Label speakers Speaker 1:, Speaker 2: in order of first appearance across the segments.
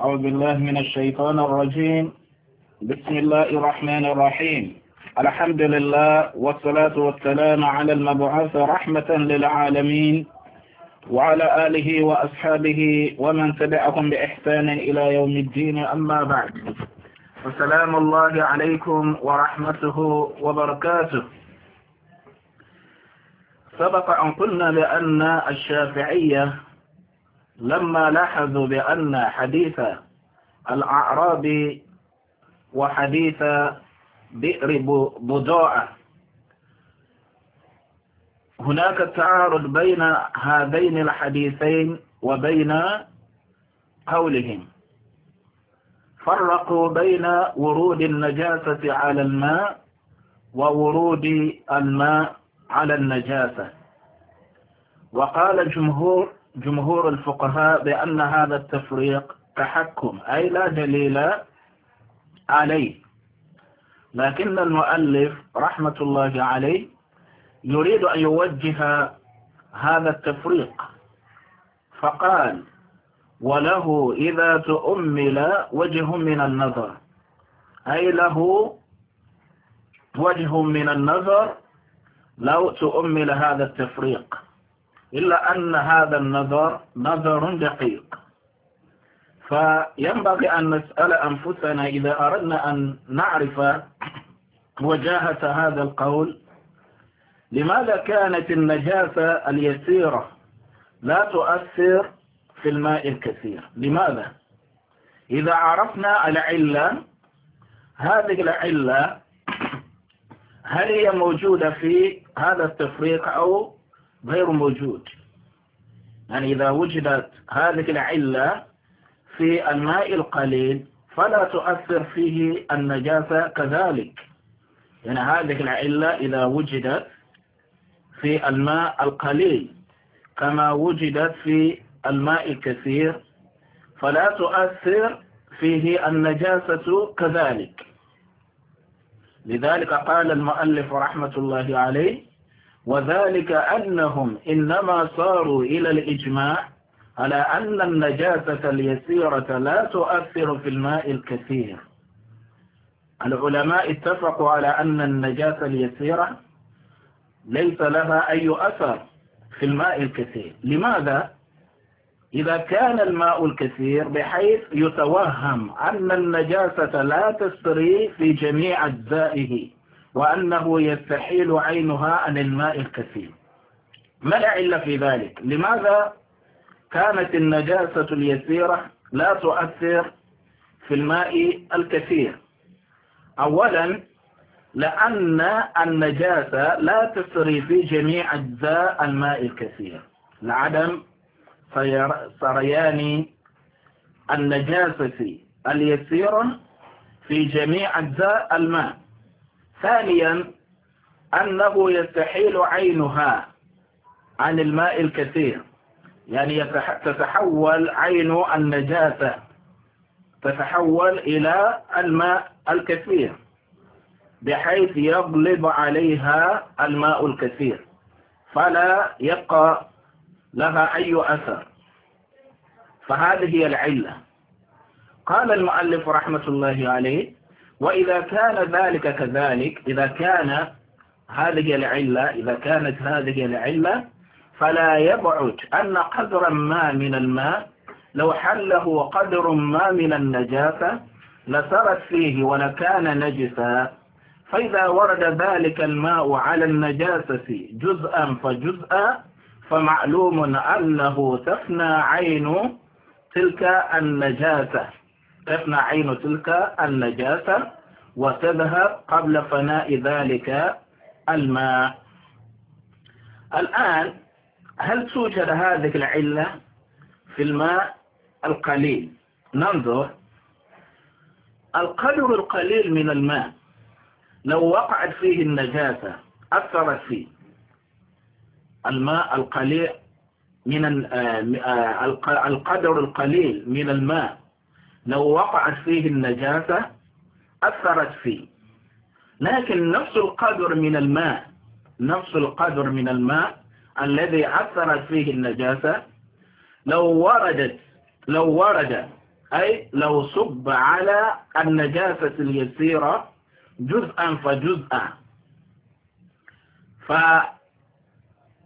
Speaker 1: أعوذ بالله من الشيطان الرجيم بسم الله الرحمن الرحيم الحمد لله والصلاة والسلام على المبعوث رحمة للعالمين وعلى آله وأصحابه ومن تبعهم بإحسان إلى يوم الدين أما بعد وسلام الله عليكم ورحمته وبركاته سبق أن قلنا بأن الشافعية لما لاحظوا بأن حديث الأعرابي وحديث بئر بضاعة هناك تعارض بين هذين الحديثين وبين قولهم فرقوا بين ورود النجاسة على الماء وورود الماء على النجاسة وقال جمهور جمهور الفقهاء بأن هذا التفريق تحكم أي لا دليل عليه لكن المؤلف رحمة الله عليه يريد أن يوجه هذا التفريق فقال وله إذا تؤمل وجه من النظر أي له وجه من النظر لو تؤمل هذا التفريق إلا أن هذا النظر نظر دقيق فينبغي أن نسأل أنفسنا إذا أردنا أن نعرف وجاهة هذا القول لماذا كانت النجاسة اليسيرة لا تؤثر في الماء الكثير لماذا؟ إذا عرفنا العلة هذه العلة هل هي موجودة في هذا التفريق أو غير موجود يعني إذا وجدت هذه العلة في الماء القليل فلا تؤثر فيه النجاسة كذلك يعني هذه العلة إذا وجدت في الماء القليل كما وجدت في الماء الكثير فلا تؤثر فيه النجاسة كذلك لذلك قال المؤلف رحمة الله عليه وذلك أنهم إنما صاروا إلى الإجماع على أن النجاسة اليسيرة لا تؤثر في الماء الكثير العلماء اتفقوا على أن النجاسة اليسيرة ليس لها أي أثر في الماء الكثير لماذا؟ إذا كان الماء الكثير بحيث يتوهم أن النجاسة لا تستري في جميع أجزائه وأنه يستحيل عينها عن الماء الكثير ما العلة في ذلك لماذا كانت النجاسة اليسيرة لا تؤثر في الماء الكثير أولا لأن النجاسة لا تسري في جميع أجزاء الماء الكثير لعدم سريان النجاسة اليسيرة في جميع أجزاء الماء ثانيا أنه يستحيل عينها عن الماء الكثير يعني تتحول عين النجاسة تتحول إلى الماء الكثير بحيث يغلب عليها الماء الكثير فلا يبقى لها أي أثر فهذه هي العلة قال المؤلف رحمة الله عليه وإذا كان ذلك كذلك إذا كان هذه العلة إذا كانت هذه العلة فلا يبعد أن قدرا ما من الماء لو حله قدر ما من النجاسة لسرت فيه ولكان نجسا فإذا ورد ذلك الماء على النجاسة جزءا فجزءا فمعلوم أنه تفنى عين تلك النجاسة تفنى عين تلك النجاسة وتذهب قبل فناء ذلك الماء الآن هل توجد هذه العلة في الماء القليل ننظر القدر القليل من الماء لو وقعت فيه النجاسة أثرت فيه الماء القليل من آه، آه، القدر القليل من الماء لو وقعت فيه النجاسة أثرت فيه لكن نفس القدر من الماء نفس القدر من الماء الذي أثرت فيه النجاسة لو وردت لو ورد أي لو صب على النجاسة اليسيرة جزءا فجزءا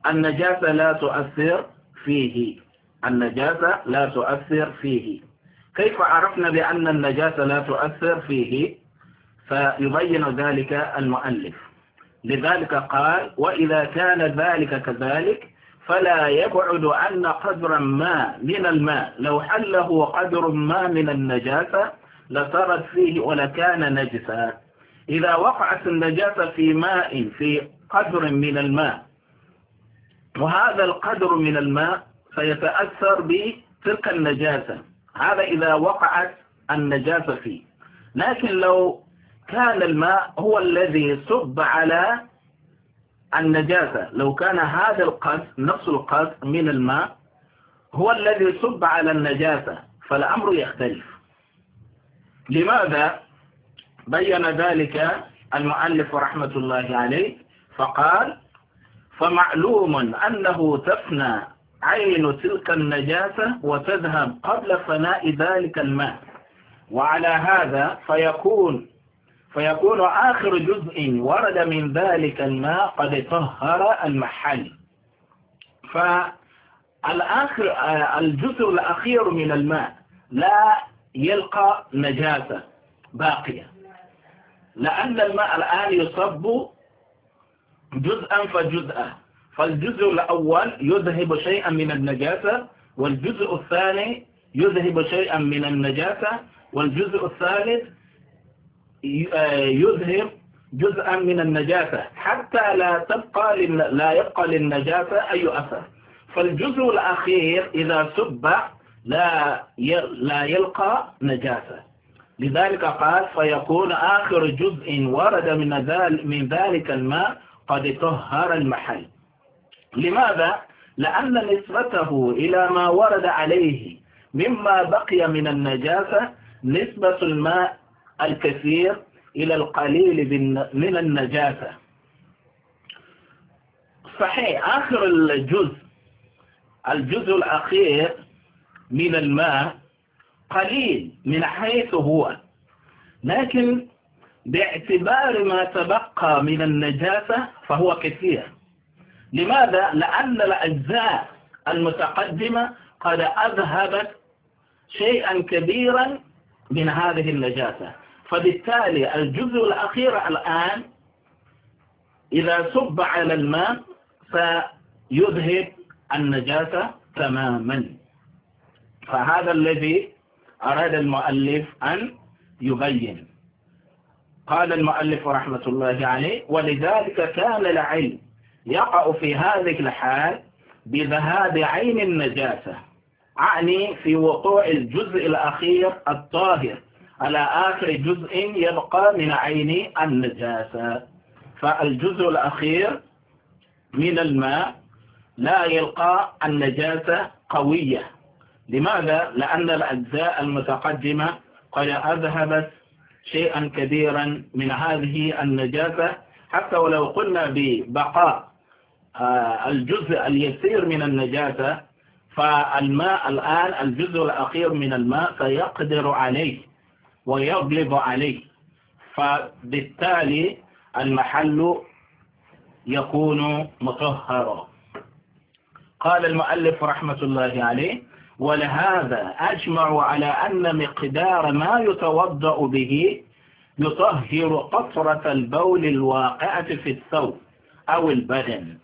Speaker 1: فالنجاسة لا تؤثر فيه النجاسة لا تؤثر فيه كيف عرفنا بأن النجاسة لا تؤثر فيه فيبين ذلك المؤلف لذلك قال وإذا كان ذلك كذلك فلا يبعد أن قدرا ما من الماء لو حله قدر ما من النجاسة لصارت فيه ولكان نجسا إذا وقعت النجاسة في ماء في قدر من الماء وهذا القدر من الماء سيتأثر بتلك النجاسة هذا إذا وقعت النجاسة فيه لكن لو كان الماء هو الذي صب على النجاسة لو كان هذا القذ نفس القذ من الماء هو الذي صب على النجاسة فالأمر يختلف لماذا بين ذلك المؤلف رحمة الله عليه فقال فمعلوم أنه تفنى عين تلك النجاسة وتذهب قبل فناء ذلك الماء وعلى هذا فيكون فيكون آخر جزء ورد من ذلك الماء قد طهر المحل فالآخر الجزء الأخير من الماء لا يلقى نجاسة باقية لأن الماء الآن يصب جزءا فجزءا فالجزء الأول يذهب شيئا من النجاسة والجزء الثاني يذهب شيئا من النجاسة والجزء الثالث يذهب جزءا من النجاسة حتى لا تبقى لل... لا يبقى للنجاسة أي أثر فالجزء الأخير إذا سب لا ي... لا يلقى نجاسة لذلك قال فيكون آخر جزء ورد من ذلك من ذلك الماء قد طهر المحل لماذا؟ لأن نسبته إلى ما ورد عليه مما بقي من النجاسة نسبة الماء الكثير إلى القليل من النجاسة صحيح آخر الجزء الجزء الأخير من الماء قليل من حيث هو لكن باعتبار ما تبقى من النجاسة فهو كثير لماذا؟ لأن الأجزاء المتقدمة قد أذهبت شيئا كبيرا من هذه النجاسة فبالتالي الجزء الأخير الآن إذا صب على الماء سيذهب النجاسة تماما فهذا الذي أراد المؤلف أن يبين قال المؤلف رحمة الله عليه ولذلك كان العلم يقع في هذه الحال بذهاب عين النجاسة أعني في وقوع الجزء الأخير الطاهر على آخر جزء يبقى من عين النجاسة فالجزء الأخير من الماء لا يلقى النجاسة قوية لماذا؟ لأن الأجزاء المتقدمة قد أذهبت شيئا كبيرا من هذه النجاسة حتى ولو قلنا ببقاء آه، الجزء اليسير من النجاسة فالماء الآن الجزء الأخير من الماء سيقدر عليه ويغلب عليه فبالتالي المحل يكون مطهرا قال المؤلف رحمة الله عليه ولهذا أجمع على أن مقدار ما يتوضأ به يطهر قطرة البول الواقعة في الثوب أو البدن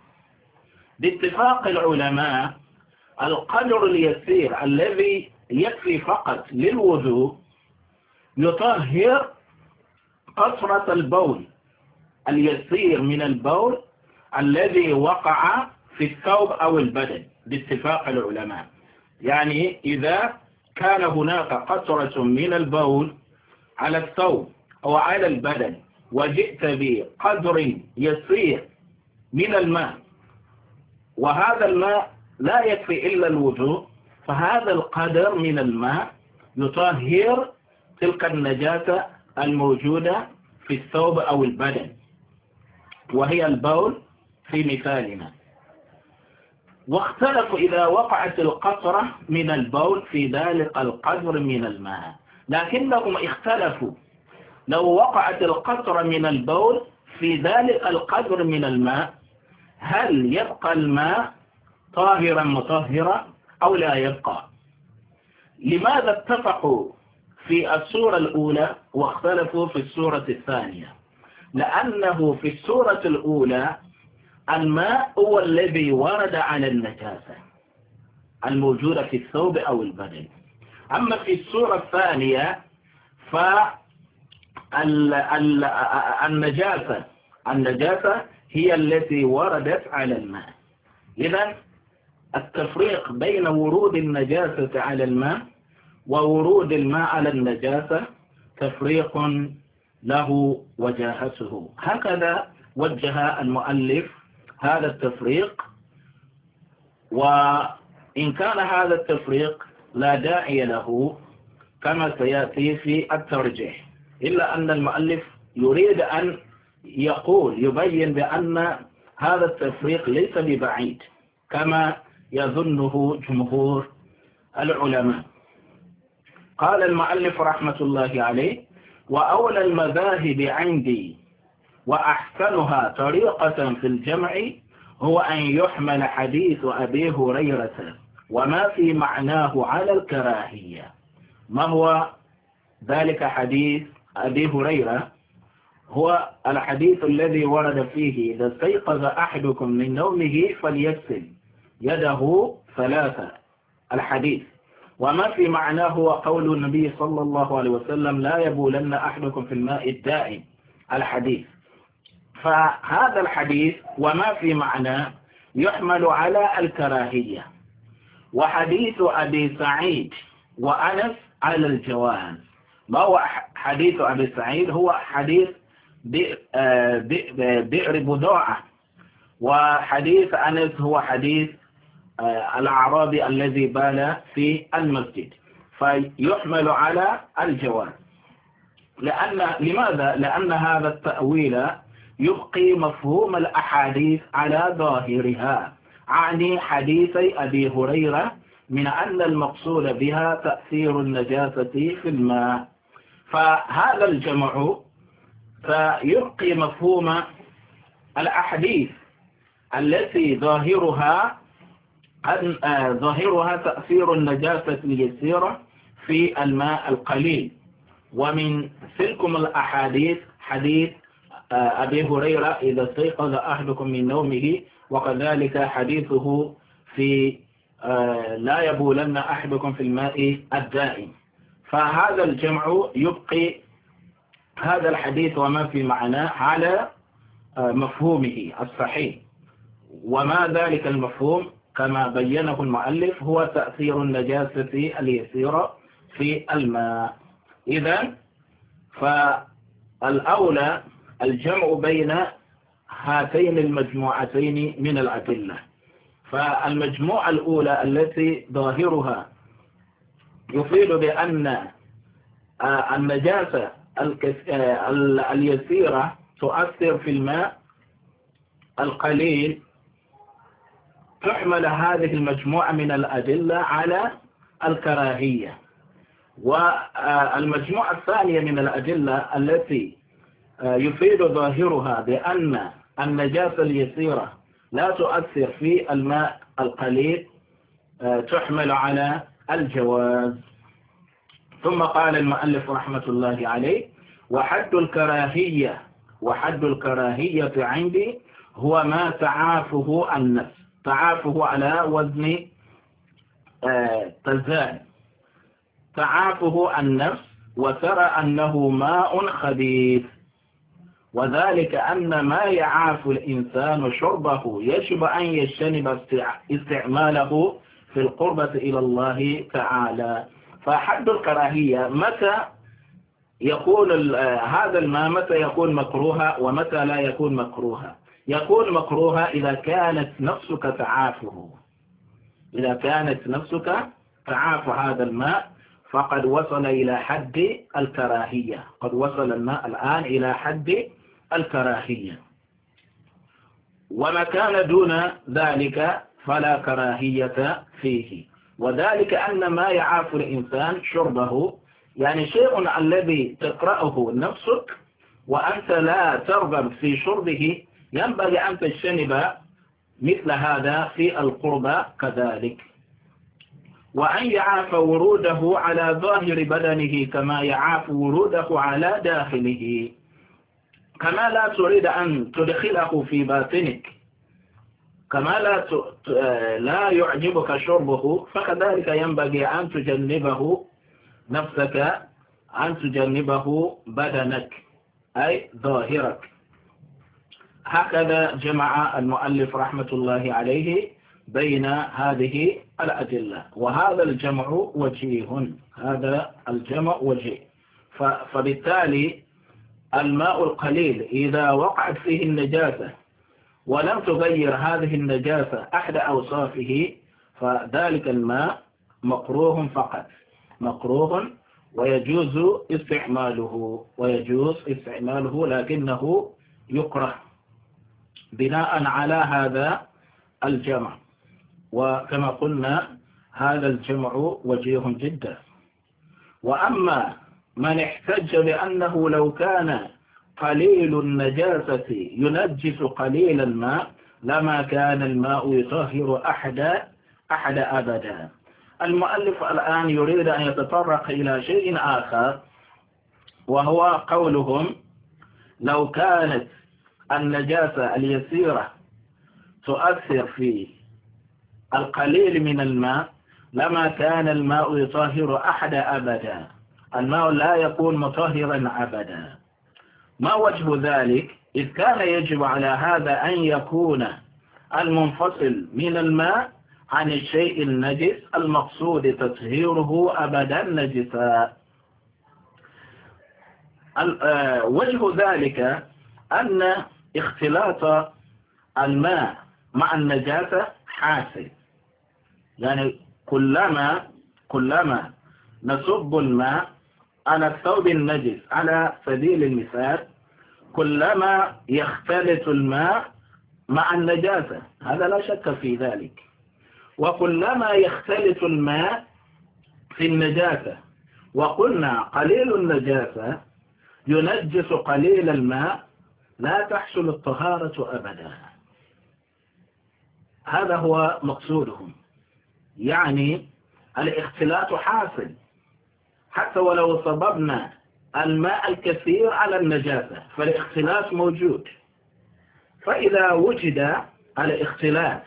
Speaker 1: باتفاق العلماء القدر اليسير الذي يكفي فقط للوضوء يطهر قصرة البول اليسير من البول الذي وقع في الثوب أو البدن باتفاق العلماء يعني إذا كان هناك قطرة من البول على الثوب أو على البدن وجئت بقدر يسير من الماء وهذا الماء لا يكفي إلا الوجوء فهذا القدر من الماء يطهر تلك النجاسة الموجودة في الثوب أو البدن وهي البول في مثالنا واختلفوا إذا وقعت القطرة من البول في ذلك القدر من الماء لكنهم اختلفوا لو وقعت القطرة من البول في ذلك القدر من الماء هل يبقى الماء طاهرا مطهرا أو لا يبقى لماذا اتفقوا في السورة الأولى واختلفوا في السورة الثانية لأنه في السورة الأولى الماء هو الذي ورد على النجاسة الموجودة في الثوب أو البدن أما في السورة الثانية فالنجاسة النجاسة هي التي وردت على الماء إذا التفريق بين ورود النجاسة على الماء وورود الماء على النجاسة تفريق له وجاهته هكذا وجه المؤلف هذا التفريق وإن كان هذا التفريق لا داعي له كما سيأتي في الترجيح إلا أن المؤلف يريد أن يقول يبين بأن هذا التفريق ليس ببعيد كما يظنه جمهور العلماء قال المؤلف رحمة الله عليه وأولى المذاهب عندي وأحسنها طريقة في الجمع هو أن يحمل حديث أبي هريرة وما في معناه على الكراهية ما هو ذلك حديث أبي هريرة هو الحديث الذي ورد فيه إذا استيقظ أحدكم من نومه فليغسل يده ثلاثة الحديث وما في معناه هو قول النبي صلى الله عليه وسلم لا يبولن أحدكم في الماء الدائم الحديث فهذا الحديث وما في معناه يحمل على الكراهية وحديث أبي سعيد وأنس على الجواز ما هو حديث أبي سعيد هو حديث بئر آه، بضاعة آه، وحديث أنس هو حديث آه، الأعرابي الذي بال في المسجد فيحمل على الجواز لأن لماذا؟ لأن هذا التأويل يبقي مفهوم الأحاديث على ظاهرها عني حديثي أبي هريرة من أن المقصود بها تأثير النجاسة في الماء فهذا الجمع فيبقي مفهوم الأحاديث التي ظاهرها أن آه، ظاهرها تأثير النجاسة اليسيرة في الماء القليل ومن سلكم الأحاديث حديث آه، أبي هريرة إذا استيقظ أحدكم من نومه وكذلك حديثه في آه، لا يبولن أحدكم في الماء الدائم فهذا الجمع يبقي هذا الحديث وما في معناه على آه، مفهومه الصحيح وما ذلك المفهوم كما بينه المؤلف هو تأثير النجاسة اليسيرة في الماء إذا فالأولى الجمع بين هاتين المجموعتين من الأدلة فالمجموعة الأولى التي ظاهرها يفيد بأن آه، النجاسة آه، اليسيرة تؤثر في الماء القليل تحمل هذه المجموعة من الأدلة على الكراهية والمجموعة الثانية من الأدلة التي آه، يفيد ظاهرها بأن النجاسة اليسيرة لا تؤثر في الماء القليل آه، تحمل على الجواز ثم قال المؤلف رحمة الله عليه وحد الكراهية وحد الكراهية عندي هو ما تعافه النفس تعافه على وزن آه، تزاهي تعافه النفس وترى أنه ماء خبيث وذلك أن ما يعاف الإنسان شربه يجب أن يجتنب استعماله في القربة إلى الله تعالى فحد الكراهية متى يكون آه، هذا الماء متى يكون مكروها ومتى لا يكون مكروها يكون مكروها إذا كانت نفسك تعافه إذا كانت نفسك تعاف هذا الماء فقد وصل إلى حد الكراهية قد وصل الماء الآن إلى حد الكراهية وما كان دون ذلك فلا كراهية فيه وذلك أن ما يعاف الإنسان شربه يعني شيء الذي تقرأه نفسك وأنت لا ترغب في شربه ينبغي أن تجتنب مثل هذا في القربى كذلك وأن يعاف وروده على ظاهر بدنه كما يعاف وروده على داخله كما لا تريد أن تدخله في باطنك كما لا ت... آه، لا يعجبك شربه فكذلك ينبغي أن تجنبه نفسك أن تجنبه بدنك أي ظاهرك هكذا جمع المؤلف رحمة الله عليه بين هذه الأدلة وهذا الجمع وجيه هذا الجمع وجيه فبالتالي الماء القليل إذا وقعت فيه النجاسة ولم تغير هذه النجاسة أحد أوصافه فذلك الماء مقروه فقط مقروه ويجوز استعماله ويجوز استعماله لكنه يكره بناء على هذا الجمع وكما قلنا هذا الجمع وجيه جدا وأما من احتج بأنه لو كان قليل النجاسة ينجس قليل الماء لما كان الماء يطهر أحد أحد أبدا المؤلف الآن يريد أن يتطرق إلى شيء آخر وهو قولهم لو كانت النجاسة اليسيرة تؤثر في القليل من الماء لما كان الماء يطهر أحد أبدا الماء لا يكون مطهرا أبدا ما وجه ذلك إذ كان يجب على هذا أن يكون المنفصل من الماء عن الشيء النجس المقصود تطهيره أبدا نجسا آه، وجه ذلك أن اختلاط الماء مع النجاسة حاسم يعني كلما كلما نصب الماء على الثوب النجس على سبيل المثال كلما يختلط الماء مع النجاسة هذا لا شك في ذلك وكلما يختلط الماء في النجاسة وقلنا قليل النجاسة ينجس قليل الماء لا تحصل الطهارة أبدا هذا هو مقصودهم يعني الاختلاط حاصل حتى ولو صببنا الماء الكثير على النجاسة فالاختلاط موجود فإذا وجد الاختلاط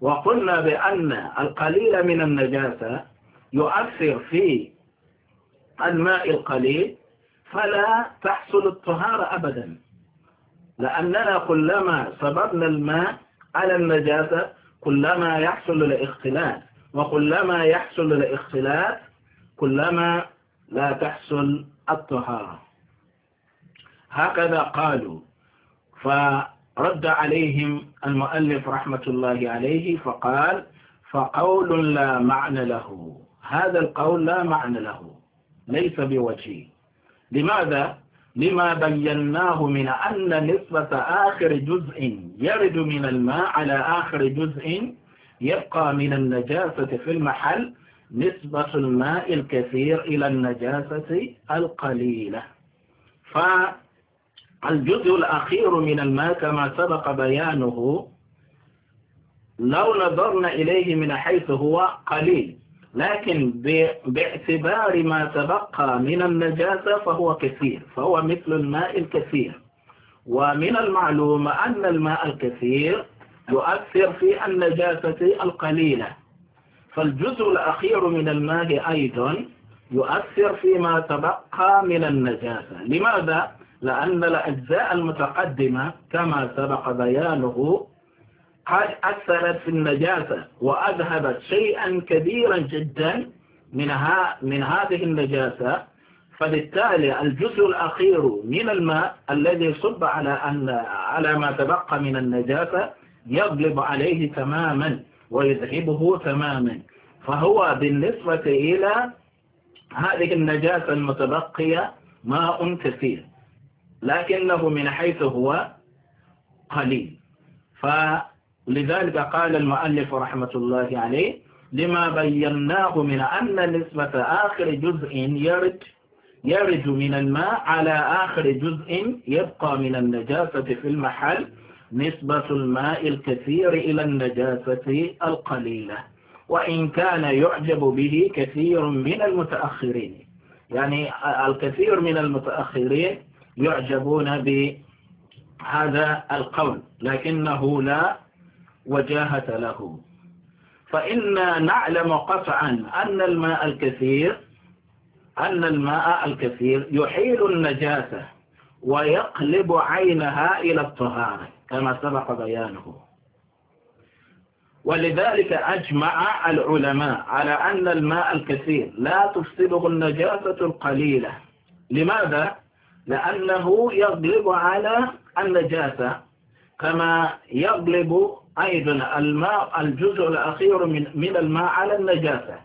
Speaker 1: وقلنا بأن القليل من النجاسة يؤثر في الماء القليل فلا تحصل الطهارة أبدا لأننا كلما سببنا الماء على النجاسة كلما يحصل الاختلاط وكلما يحصل الاختلاط كلما لا تحصل الطهارة هكذا قالوا فرد عليهم المؤلف رحمة الله عليه فقال فقول لا معنى له هذا القول لا معنى له ليس بوجيه لماذا؟ لما بيناه من أن نسبة آخر جزء يرد من الماء على آخر جزء يبقى من النجاسة في المحل نسبة الماء الكثير إلى النجاسة القليلة فالجزء الأخير من الماء كما سبق بيانه لو نظرنا إليه من حيث هو قليل لكن باعتبار ما تبقى من النجاسة فهو كثير فهو مثل الماء الكثير ومن المعلوم أن الماء الكثير يؤثر في النجاسة القليلة فالجزء الأخير من الماء أيضا يؤثر فيما تبقى من النجاسة لماذا؟ لأن الأجزاء المتقدمة كما سبق بيانه قد أثرت في النجاسة وأذهبت شيئا كبيرا جدا منها من هذه النجاسة فبالتالي الجزء الأخير من الماء الذي صب على أن على ما تبقى من النجاسة يغلب عليه تماما ويذهبه تماما فهو بالنسبة إلى هذه النجاسة المتبقية ماء كثير لكنه من حيث هو قليل فلذلك قال المؤلف رحمة الله عليه لما بيناه من أن نسبة آخر جزء يرد يرد من الماء على آخر جزء يبقى من النجاسة في المحل نسبة الماء الكثير إلى النجاسة القليلة وإن كان يعجب به كثير من المتأخرين يعني الكثير من المتأخرين يعجبون بهذا القول لكنه لا وجاهة له فإنا نعلم قطعا أن الماء الكثير أن الماء الكثير يحيل النجاسة ويقلب عينها إلى الطهارة كما سبق بيانه ولذلك أجمع العلماء على أن الماء الكثير لا تفسده النجاسة القليلة لماذا؟ لأنه يغلب على النجاسة كما يغلب أيضا الماء الجزء الأخير من, من الماء على النجاسة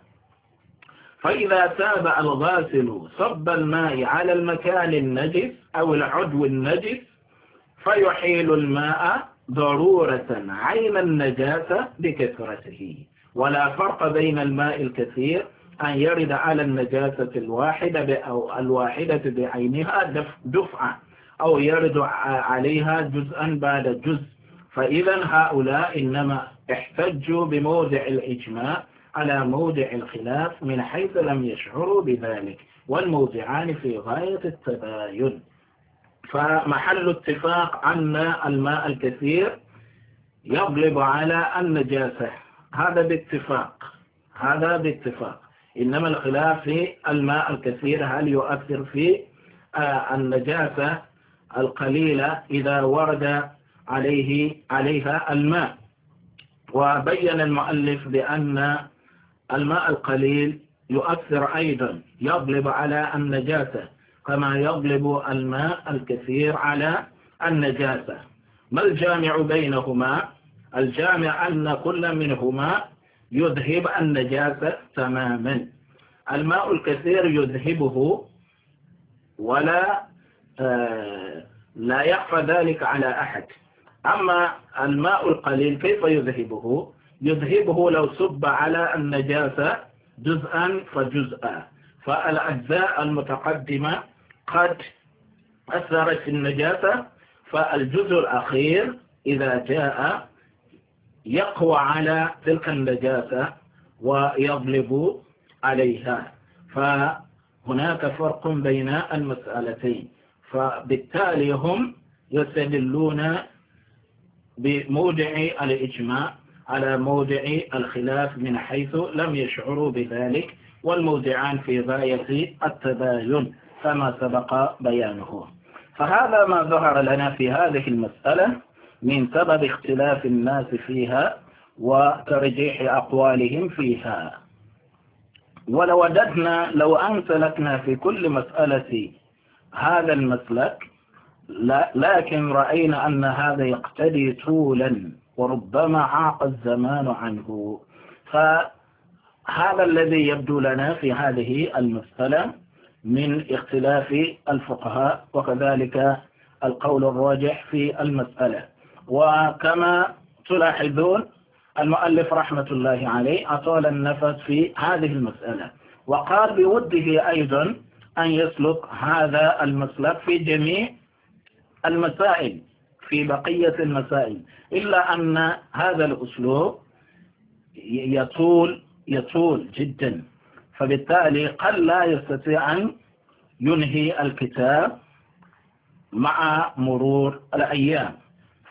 Speaker 1: فإذا تاب الغاسل صب الماء على المكان النجس أو العدو النجس فيحيل الماء ضرورة عين النجاسة بكثرته ولا فرق بين الماء الكثير أن يرد على النجاسة الواحدة أو الواحدة بعينها دفعة أو يرد عليها جزءا بعد جزء فإذا هؤلاء إنما احتجوا بموضع الإجماع على موضع الخلاف من حيث لم يشعروا بذلك والموضعان في غاية التباين فمحل اتفاق أن الماء الكثير يغلب على النجاسة هذا باتفاق هذا باتفاق إنما الخلاف في الماء الكثير هل يؤثر في آه، النجاسة القليلة إذا ورد عليه عليها الماء وبين المؤلف بأن الماء القليل يؤثر أيضا يغلب على النجاسة كما يغلب الماء الكثير على النجاسة ما الجامع بينهما الجامع أن كل منهما يذهب النجاسة تماما الماء الكثير يذهبه ولا آه لا يخفى ذلك على أحد أما الماء القليل كيف يذهبه يذهبه لو سب على النجاسة جزءا فجزءا فالأجزاء المتقدمة قد أثرت في النجاسة فالجزء الأخير إذا جاء يقوى على تلك النجاسة ويضلب عليها فهناك فرق بين المسألتين فبالتالي هم يستدلون بموضع الإجماع على موضع الخلاف من حيث لم يشعروا بذلك والموضعان في غاية التباين كما سبق بيانه فهذا ما ظهر لنا في هذه المسألة من سبب اختلاف الناس فيها وترجيح أقوالهم فيها ولو وجدنا لو أن سلكنا في كل مسألة هذا المسلك لكن رأينا أن هذا يقتدي طولا وربما عاق الزمان عنه فهذا الذي يبدو لنا في هذه المسألة من اختلاف الفقهاء وكذلك القول الراجح في المسألة وكما تلاحظون المؤلف رحمة الله عليه أطال النفس في هذه المسألة وقال بوده أيضا أن يسلك هذا المسلك في جميع المسائل في بقية المسائل إلا أن هذا الأسلوب يطول يطول جدا فبالتالي قد لا يستطيع أن ينهي الكتاب مع مرور الأيام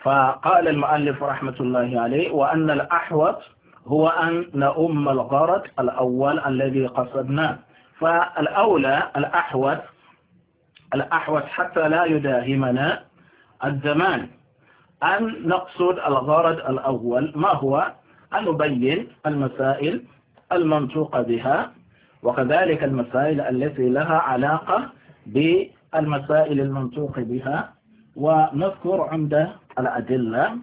Speaker 1: فقال المؤلف رحمة الله عليه وأن الأحوط هو أن نؤم الغرض الأول الذي قصدناه فالأولى الأحوط الأحوط حتى لا يداهمنا الزمان أن نقصد الغرض الأول ما هو أن نبين المسائل المنطوقة بها وكذلك المسائل التي لها علاقة بالمسائل المنطوق بها ونذكر عند الأدلة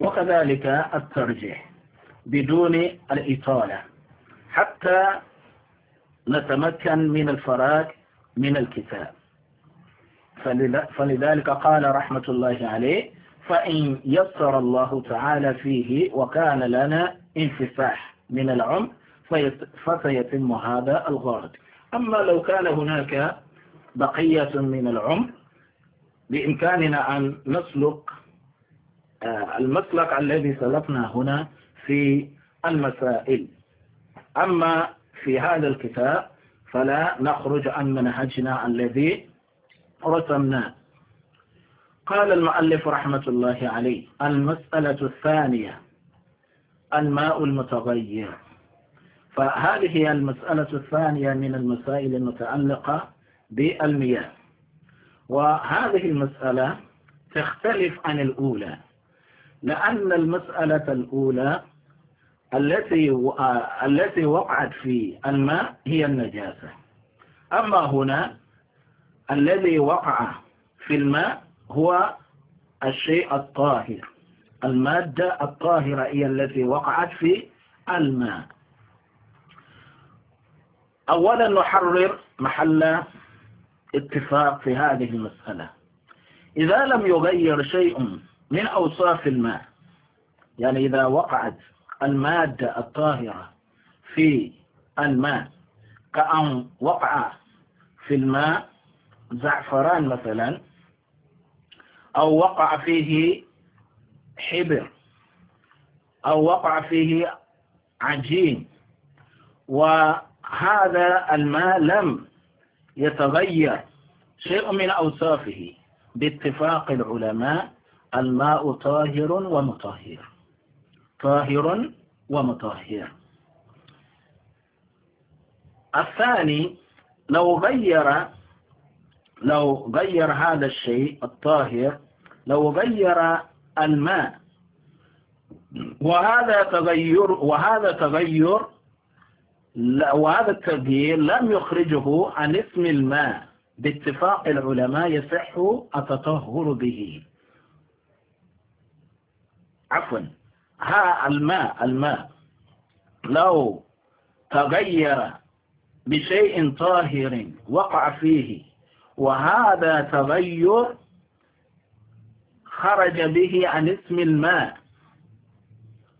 Speaker 1: وكذلك الترجيح بدون الإطالة حتى نتمكن من الفراغ من الكتاب فلذلك قال رحمة الله عليه فإن يسر الله تعالى فيه وكان لنا انفتاح من العمر فسيتم هذا الغرض أما لو كان هناك بقية من العمر بإمكاننا أن نسلك آه، المسلك الذي سلقنا هنا في المسائل أما في هذا الكتاب فلا نخرج عن منهجنا الذي رسمناه قال المؤلف رحمة الله عليه المسألة الثانية الماء المتغير فهذه هي المسألة الثانية من المسائل المتعلقة بالمياه وهذه المسألة تختلف عن الأولى لأن المسألة الأولى التي التي وقعت في الماء هي النجاسة أما هنا الذي وقع في الماء هو الشيء الطاهر المادة الطاهرة هي التي وقعت في الماء أولا نحرر محل اتفاق في هذه المسألة إذا لم يغير شيء من أوصاف الماء يعني إذا وقعت المادة الطاهرة في الماء كأن وقع في الماء زعفران مثلا أو وقع فيه حبر أو وقع فيه عجين و هذا الماء لم يتغير شيء من أوصافه باتفاق العلماء الماء طاهر ومطهر طاهر ومطهر الثاني لو غير لو غير هذا الشيء الطاهر لو غير الماء وهذا تغير وهذا تغير لا وهذا التغيير لم يخرجه عن اسم الماء باتفاق العلماء يصح التطهر به عفوا ها الماء الماء لو تغير بشيء طاهر وقع فيه وهذا تغير خرج به عن اسم الماء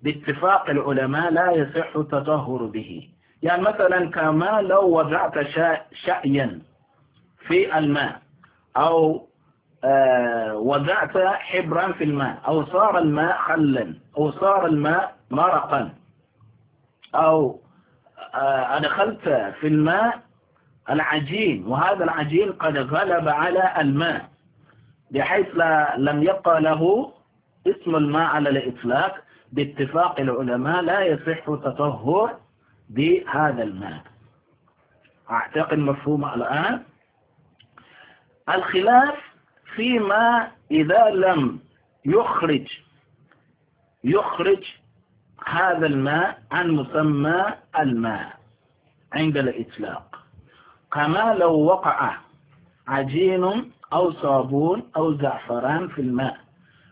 Speaker 1: باتفاق العلماء لا يصح التطهر به يعني مثلا كما لو وضعت شأيا في الماء أو آه، وضعت حبرا في الماء أو صار الماء خلا أو صار الماء مرقا أو آه، أدخلت في الماء العجين وهذا العجين قد غلب على الماء بحيث لا لم يبقى له اسم الماء على الإطلاق باتفاق العلماء لا يصح تطهر بهذا الماء أعتقد مفهوم الآن الخلاف فيما إذا لم يخرج يخرج هذا الماء عن مسمى الماء عند الإطلاق كما لو وقع عجين أو صابون أو زعفران في الماء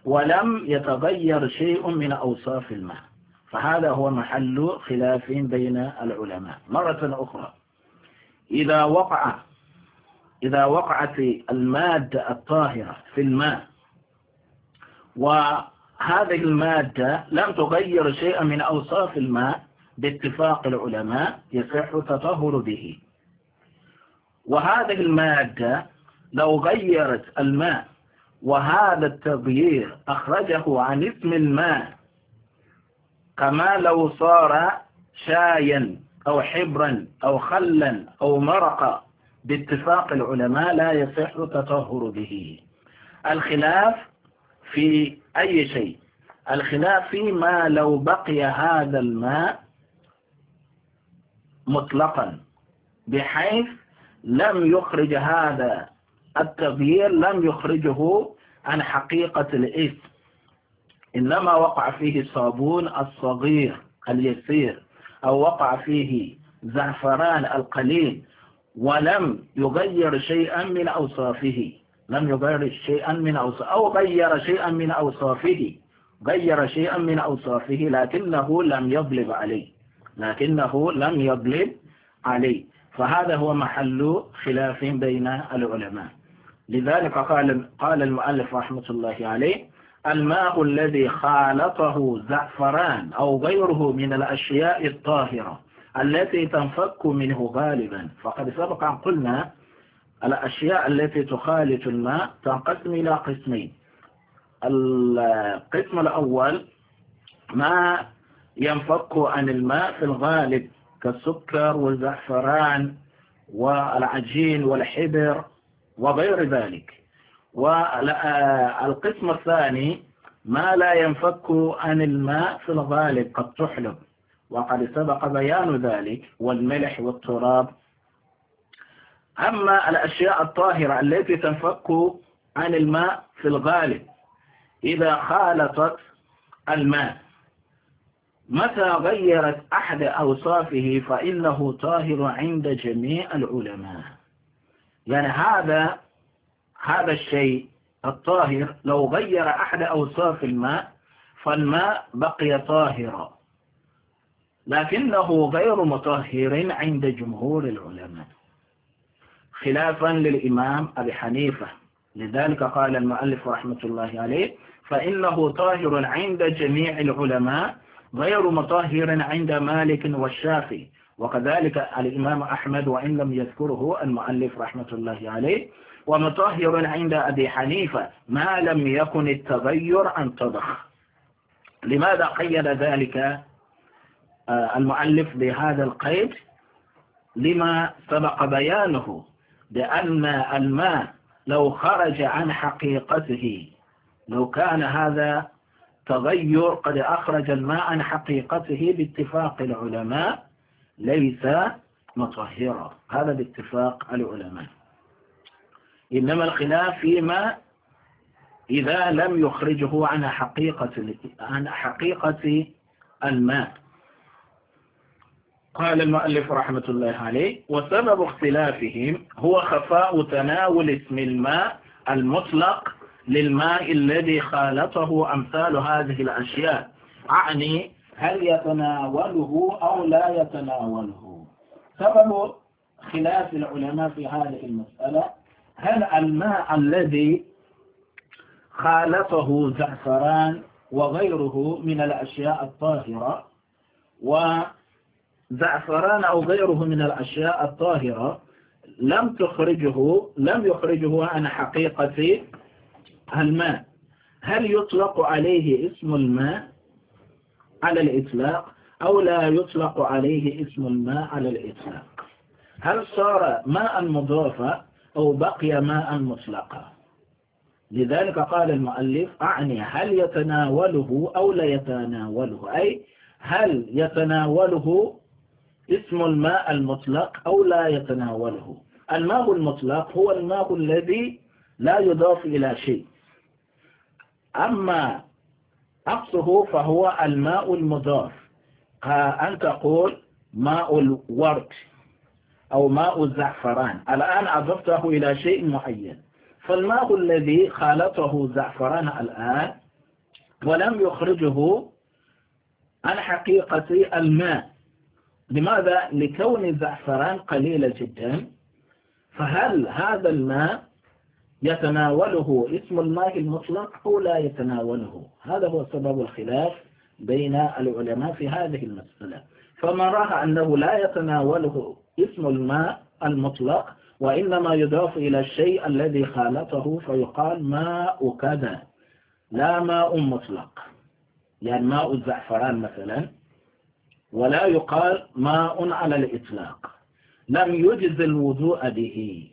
Speaker 1: ولم يتغير شيء من أوصاف الماء فهذا هو محل خلاف بين العلماء مرة أخرى إذا وقع إذا وقعت المادة الطاهرة في الماء وهذه المادة لم تغير شيئا من أوصاف الماء باتفاق العلماء يصح التطهر به وهذه المادة لو غيرت الماء وهذا التغيير أخرجه عن اسم الماء كما لو صار شايا أو حبرا أو خلا أو مرقا باتفاق العلماء لا يصح التطهر به الخلاف في أي شيء الخلاف فيما لو بقي هذا الماء مطلقا بحيث لم يخرج هذا التغيير لم يخرجه عن حقيقة الإثم إنما وقع فيه الصابون الصغير اليسير أو وقع فيه زعفران القليل ولم يغير شيئا من أوصافه لم يغير شيئا من أوصافه أو غير شيئا من أوصافه غير شيئا من أوصافه لكنه لم يضلب عليه لكنه لم يضلب عليه فهذا هو محل خلاف بين العلماء لذلك قال قال المؤلف رحمة الله عليه الماء الذي خالطه زعفران أو غيره من الأشياء الطاهرة التي تنفك منه غالبا فقد سبق أن قلنا الأشياء التي تخالط الماء تنقسم إلى قسمين القسم الأول ما ينفك عن الماء في الغالب كالسكر والزعفران والعجين والحبر وغير ذلك والقسم آه، الثاني ما لا ينفك عن الماء في الغالب قد تحلب وقد سبق بيان ذلك والملح والتراب أما الأشياء الطاهرة التي تنفك عن الماء في الغالب إذا خالطت الماء متى غيرت أحد أوصافه فإنه طاهر عند جميع العلماء يعني هذا هذا الشيء الطاهر لو غير أحد أوصاف الماء فالماء بقي طاهرا لكنه غير مطهر عند جمهور العلماء خلافا للإمام أبي حنيفة لذلك قال المؤلف رحمة الله عليه فإنه طاهر عند جميع العلماء غير مطهر عند مالك والشافعي وكذلك الإمام أحمد وإن لم يذكره المؤلف رحمة الله عليه ومطهر عند أبي حنيفة ما لم يكن التغير عن تضخ لماذا قيد ذلك آه، المؤلف بهذا القيد لما سبق بيانه بأن الماء لو خرج عن حقيقته لو كان هذا تغير قد أخرج الماء عن حقيقته باتفاق العلماء ليس مطهرا هذا باتفاق العلماء إنما الخلاف فيما إذا لم يخرجه عن حقيقة عن حقيقة الماء قال المؤلف رحمة الله عليه وسبب اختلافهم هو خفاء تناول اسم الماء المطلق للماء الذي خالطه أمثال هذه الأشياء أعني هل يتناوله أو لا يتناوله سبب خلاف العلماء في هذه المسألة هل الماء الذي خالطه زعفران وغيره من الأشياء الطاهرة وزعفران أو غيره من الأشياء الطاهرة لم تخرجه لم يخرجه عن حقيقة الماء هل يطلق عليه اسم الماء على الإطلاق أو لا يطلق عليه اسم الماء على الإطلاق هل صار ماء مضافا أو بقي ماء مطلقا لذلك قال المؤلف أعني هل يتناوله أو لا يتناوله أي هل يتناوله اسم الماء المطلق أو لا يتناوله الماء المطلق هو الماء الذي لا يضاف إلى شيء أما أقصه فهو الماء المضاف أن تقول ماء الورد أو ماء الزعفران الآن أضفته إلى شيء معين فالماء الذي خالطه الزعفران الآن ولم يخرجه عن حقيقة الماء لماذا؟ لكون الزعفران قليلة جدا فهل هذا الماء يتناوله اسم الماء المطلق أو لا يتناوله هذا هو سبب الخلاف بين العلماء في هذه المسألة فمن رأى أنه لا يتناوله اسم الماء المطلق وإنما يضاف إلى الشيء الذي خالطه فيقال ماء كذا لا ماء مطلق يعني ماء الزعفران مثلا ولا يقال ماء على الإطلاق لم يجز الوضوء به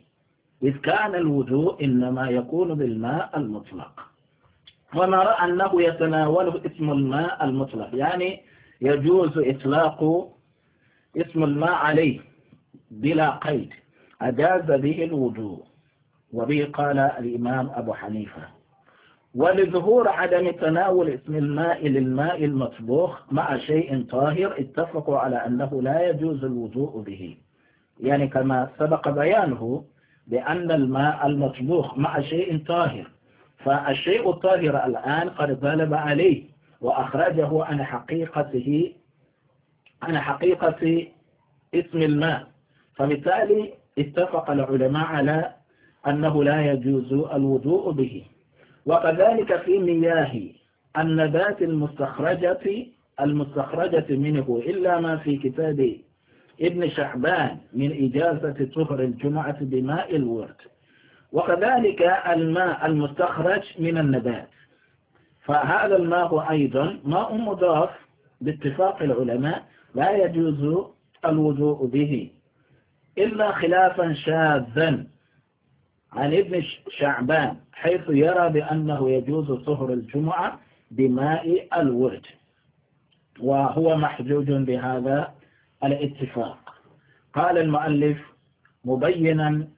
Speaker 1: إذ كان الوضوء إنما يكون بالماء المطلق ونرى أنه يتناوله اسم الماء المطلق يعني يجوز إطلاق اسم الماء عليه بلا قيد أجاز به الوجوه وبه قال الإمام أبو حنيفة ولظهور عدم تناول اسم الماء للماء المطبوخ مع شيء طاهر اتفقوا على أنه لا يجوز الوضوء به يعني كما سبق بيانه بأن الماء المطبوخ مع شيء طاهر فالشيء الطاهر الآن قد غلب عليه وأخرجه عن حقيقته عن حقيقة اسم الماء فبالتالي اتفق العلماء على أنه لا يجوز الوضوء به وكذلك في مياه النبات المستخرجة المستخرجة منه إلا ما في كتاب ابن شعبان من إجازة طهر الجمعة بماء الورد وكذلك الماء المستخرج من النبات فهذا الماء أيضا ماء مضاف باتفاق العلماء لا يجوز الوضوء به إلا خلافا شاذا عن ابن شعبان حيث يرى بأنه يجوز صهر الجمعة بماء الورد وهو محجوج بهذا الاتفاق قال المؤلف مبينا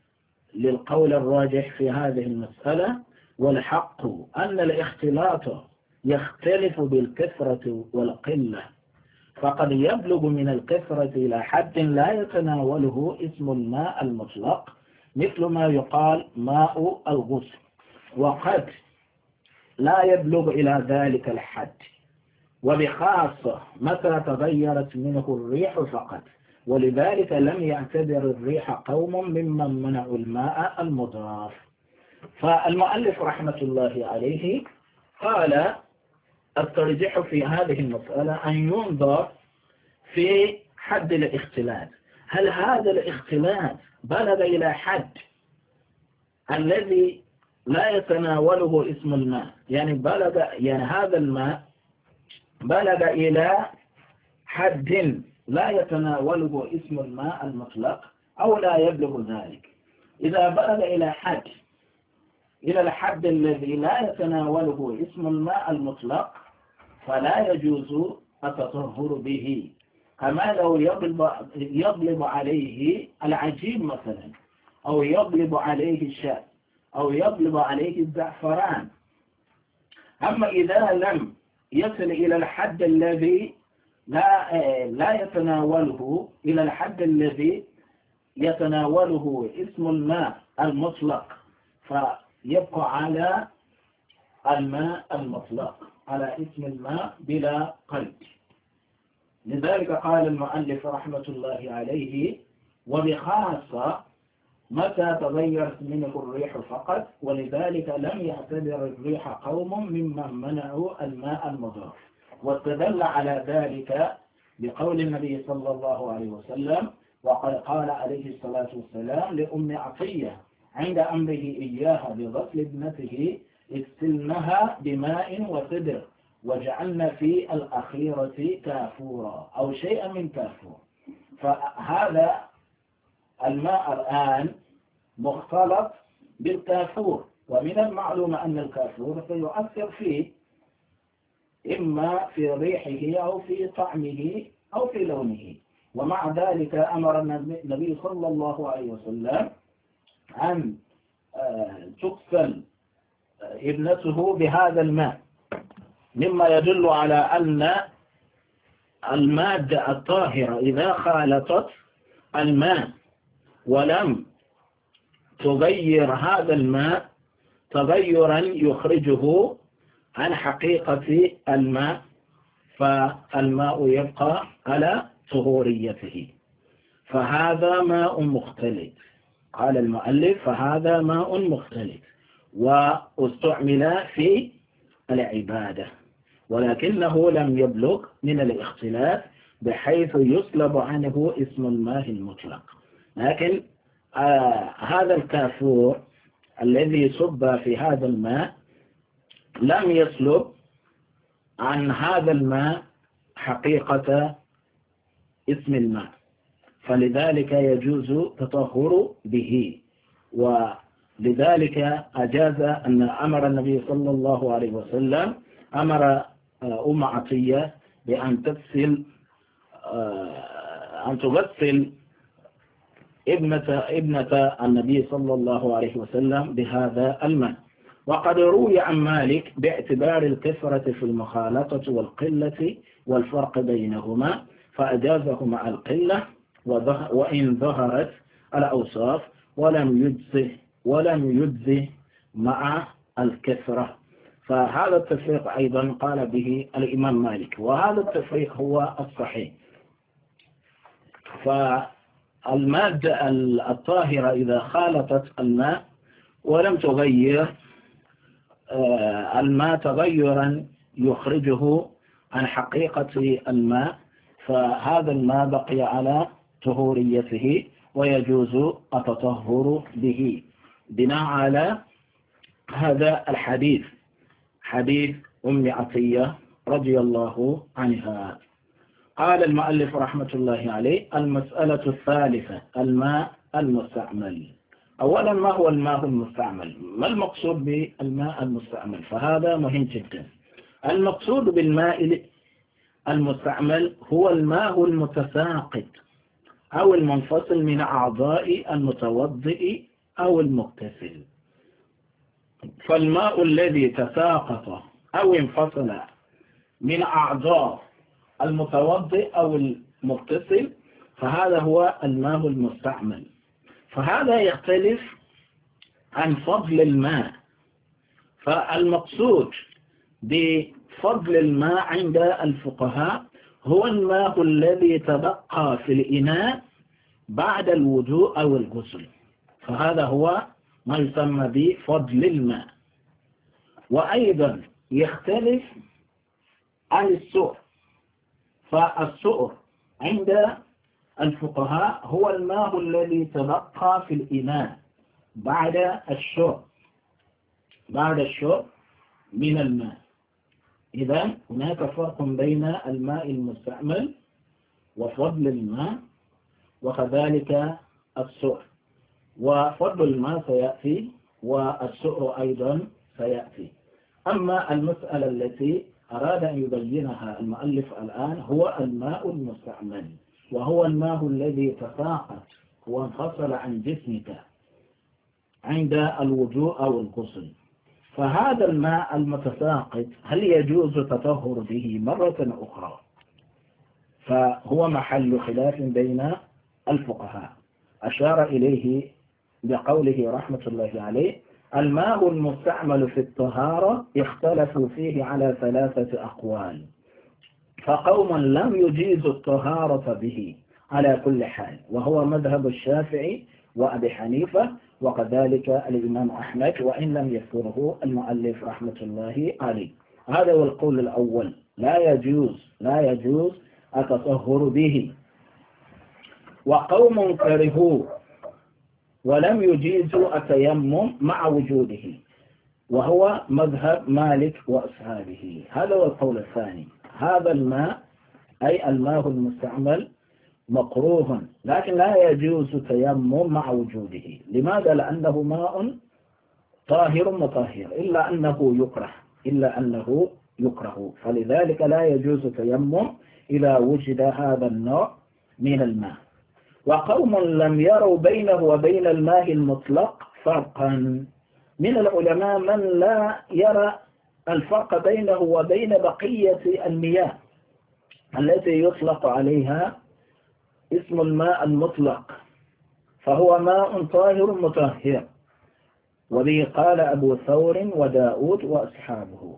Speaker 1: للقول الراجح في هذه المسألة والحق أن الاختلاط يختلف بالكثرة والقلة فقد يبلغ من الكثرة إلى حد لا يتناوله اسم الماء المطلق مثل ما يقال ماء الغسل وقد لا يبلغ إلى ذلك الحد وبخاصة متى تغيرت منه الريح فقط ولذلك لم يعتبر الريح قوم ممن منعوا الماء المضاف فالمؤلف رحمة الله عليه قال الترجيح في هذه المسألة أن ينظر في حد الاختلاف هل هذا الاختلاف بلغ إلى حد الذي لا يتناوله اسم الماء يعني بلغ يعني هذا الماء بلغ إلى حد لا يتناوله اسم الماء المطلق أو لا يبلغ ذلك إذا بلغ إلى حد إلى الحد الذي لا يتناوله اسم الماء المطلق فلا يجوز التطهر به كما لو يظلم عليه العجيب مثلا أو يظلم عليه الشاء أو يظلم عليه الزعفران أما إذا لم يصل إلى الحد الذي لا لا يتناوله إلى الحد الذي يتناوله اسم الماء المطلق فيبقى على الماء المطلق على اسم الماء بلا قلب لذلك قال المؤلف رحمة الله عليه وبخاصة متى تغيرت منه الريح فقط ولذلك لم يعتبر الريح قوم ممن منعوا الماء المضار واستدل على ذلك بقول النبي صلى الله عليه وسلم وقد قال عليه الصلاة والسلام لأم عطية عند أمره إياها بغسل ابنته استلمها بماء وسدر وجعلنا في الأخيرة كافورا أو شيئا من كافور فهذا الماء الآن مختلط بالكافور ومن المعلوم أن الكافور سيؤثر فيه إما في ريحه أو في طعمه أو في لونه ومع ذلك أمر النبي صلى الله عليه وسلم أن آه، تقفل ابنته بهذا الماء مما يدل على أن المادة الطاهرة إذا خالطت الماء ولم تغير هذا الماء تغيرا يخرجه عن حقيقة الماء فالماء يبقى على طهوريته فهذا ماء مختلف قال المؤلف فهذا ماء مختلف واستعمل في العبادة ولكنه لم يبلغ من الاختلاف بحيث يسلب عنه اسم الله المطلق لكن آه هذا الكافور الذي صب في هذا الماء لم يسلب عن هذا الماء حقيقة اسم الماء فلذلك يجوز تطهر به و لذلك أجاز أن أمر النبي صلى الله عليه وسلم أمر آه، أم عطية بأن تغسل آه، أن تغسل ابنة ابنة النبي صلى الله عليه وسلم بهذا الماء وقد روي عن مالك باعتبار الكثرة في المخالطة والقلة والفرق بينهما فأجازه مع القلة وإن ظهرت الأوصاف ولم يجزه ولم يجزي مع الكثرة فهذا التفريق أيضا قال به الإمام مالك وهذا التفريق هو الصحيح فالمادة الطاهرة إذا خالطت الماء ولم تغير آه، الماء تغيرا يخرجه عن حقيقة الماء فهذا الماء بقي على طهوريته ويجوز التطهر به بناء على هذا الحديث حديث أم عطية رضي الله عنها قال المؤلف رحمة الله عليه المسألة الثالثة الماء المستعمل أولا ما هو الماء المستعمل ما المقصود بالماء المستعمل فهذا مهم جدا المقصود بالماء المستعمل هو الماء المتساقط أو المنفصل من أعضاء المتوضئ أو المغتسل فالماء الذي تساقط أو انفصل من أعضاء المتوضئ أو المغتسل فهذا هو الماء المستعمل فهذا يختلف عن فضل الماء فالمقصود بفضل الماء عند الفقهاء هو الماء الذي تبقى في الإناء بعد الوضوء أو الغسل فهذا هو ما يسمى بفضل الماء وأيضا يختلف عن السؤر فالسؤر عند الفقهاء هو الماء الذي تبقى في الإناء بعد الشرب بعد الشرب من الماء إذا هناك فرق بين الماء المستعمل وفضل الماء وكذلك السؤر وفضل الماء سيأتي والشعر أيضا سيأتي أما المسألة التي أراد أن يبينها المؤلف الآن هو الماء المستعمل وهو الماء الذي تساقط وانفصل عن جسمك عند الوجوء أو القصر فهذا الماء المتساقط هل يجوز تطهر به مرة أخرى فهو محل خلاف بين الفقهاء أشار إليه بقوله رحمة الله عليه الماء المستعمل في الطهارة اختلفوا فيه على ثلاثة أقوال فقوم لم يجيزوا الطهارة به على كل حال وهو مذهب الشافعي وأبي حنيفة وكذلك الإمام أحمد وإن لم يذكره المؤلف رحمة الله عليه هذا هو القول الأول لا يجوز لا يجوز التطهر به وقوم كرهوه ولم يجيزوا التيمم مع وجوده وهو مذهب مالك وأصحابه هذا هو القول الثاني هذا الماء أي الماء المستعمل مقروه لكن لا يجوز تيمم مع وجوده لماذا؟ لأنه ماء طاهر مطهر إلا أنه يكره إلا أنه يكره فلذلك لا يجوز تيمم إذا وجد هذا النوع من الماء وقوم لم يروا بينه وبين الماء المطلق فرقا من العلماء من لا يرى الفرق بينه وبين بقية المياه التي يطلق عليها اسم الماء المطلق فهو ماء طاهر مطهر وبه قال أبو ثور وداود وأصحابه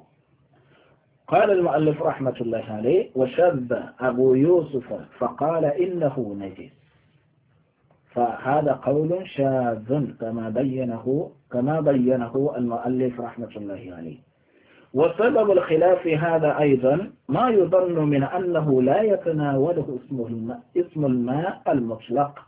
Speaker 1: قال المؤلف رحمة الله عليه وشب أبو يوسف فقال إنه نجس فهذا قول شاذ كما بينه كما بينه المؤلف رحمة الله عليه وسبب الخلاف هذا أيضا ما يظن من أنه لا يتناوله اسم الماء, اسم الماء المطلق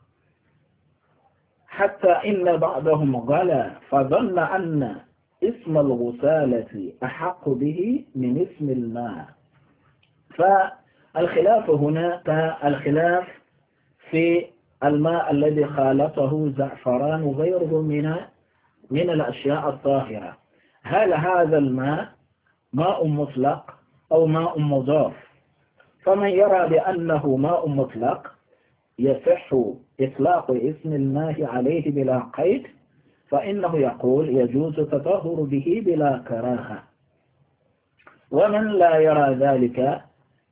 Speaker 1: حتى إن بعضهم غلا فظن أن اسم الغسالة أحق به من اسم الماء فالخلاف هنا كالخلاف في الماء الذي خالطه زعفران وغيره من من الأشياء الطاهرة هل هذا الماء ماء مطلق أو ماء مضاف فمن يرى بأنه ماء مطلق يصح إطلاق اسم الماء عليه بلا قيد فإنه يقول يجوز التطهر به بلا كراهة ومن لا يرى ذلك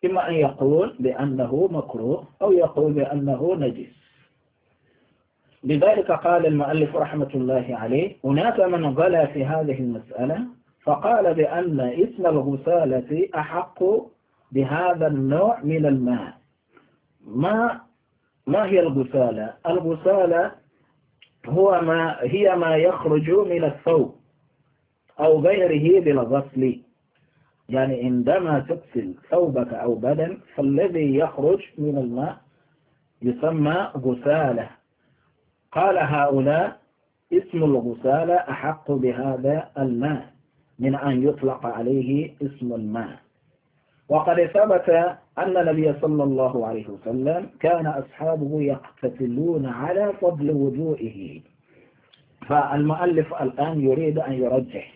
Speaker 1: إما أن يقول بأنه مكروه أو يقول بأنه نجس لذلك قال المؤلف رحمة الله عليه هناك من غلا في هذه المسألة فقال بأن اسم الغسالة أحق بهذا النوع من الماء ما ما هي الغسالة؟ الغسالة هو ما هي ما يخرج من الثوب أو غيره بالغسل يعني عندما تغسل ثوبك أو بدن فالذي يخرج من الماء يسمى غسالة قال هؤلاء اسم الغسالة أحق بهذا الماء من أن يطلق عليه اسم الماء وقد ثبت أن النبي صلى الله عليه وسلم كان أصحابه يقتتلون على فضل وجوئه فالمؤلف الآن يريد أن يرجح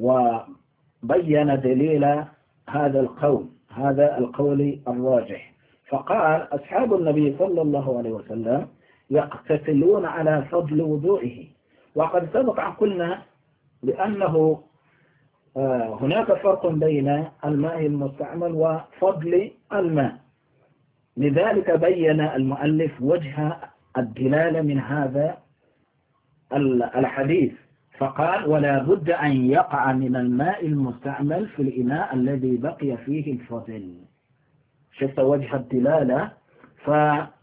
Speaker 1: وبين دليل هذا القول هذا القول الراجح فقال أصحاب النبي صلى الله عليه وسلم يقتتلون على فضل وضوئه وقد سبق قلنا بأنه آه، هناك فرق بين الماء المستعمل وفضل الماء لذلك بين المؤلف وجه الدلالة من هذا الحديث فقال ولا بد أن يقع من الماء المستعمل في الإناء الذي بقي فيه الفضل شفت وجه الدلالة فالفضل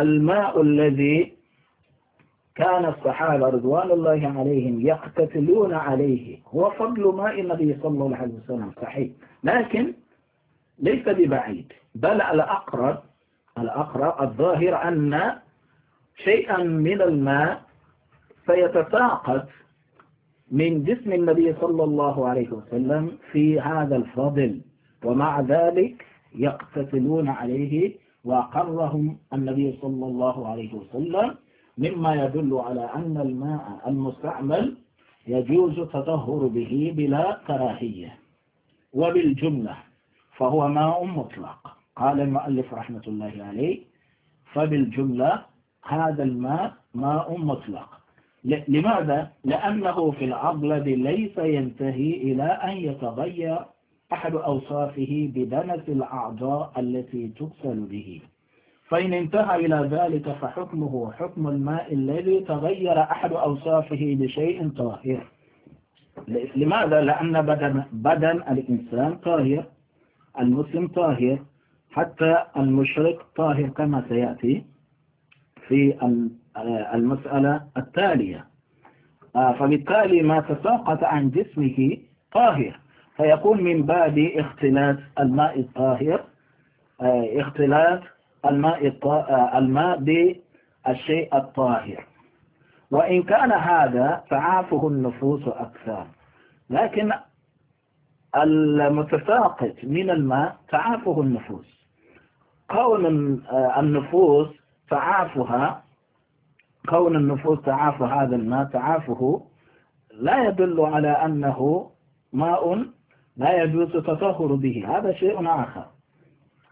Speaker 1: الماء الذي كان الصحابة رضوان الله عليهم يقتتلون عليه هو فضل ماء النبي صلى الله عليه وسلم صحيح لكن ليس ببعيد بل الأقرب الأقرب الظاهر أن شيئا من الماء سيتساقط من جسم النبي صلى الله عليه وسلم في هذا الفضل ومع ذلك يقتتلون عليه وأقرهم النبي صلى الله عليه وسلم مما يدل على أن الماء المستعمل يجوز تطهر به بلا كراهية وبالجملة فهو ماء مطلق قال المؤلف رحمة الله عليه فبالجملة هذا الماء ماء مطلق لماذا؟ لأنه في الأبلد ليس ينتهي إلى أن يتغير أحد أوصافه بدنس الأعضاء التي تغسل به فإن انتهى إلى ذلك فحكمه حكم الماء الذي تغير أحد أوصافه لشيء طاهر لماذا؟ لأن بدن, بدن الإنسان طاهر المسلم طاهر حتى المشرك طاهر كما سيأتي في المسألة التالية آه، فبالتالي ما تساقط عن جسمه طاهر فيكون من باب اختلاط الماء الطاهر آه، اختلاط الماء آه، الماء بالشيء الطاهر وإن كان هذا فعافه النفوس أكثر لكن المتساقط من الماء تعافه النفوس كون النفوس تعافها كون النفوس تعاف هذا الماء تعافه لا يدل على أنه ماء لا يجوز التطهر به هذا شيء آخر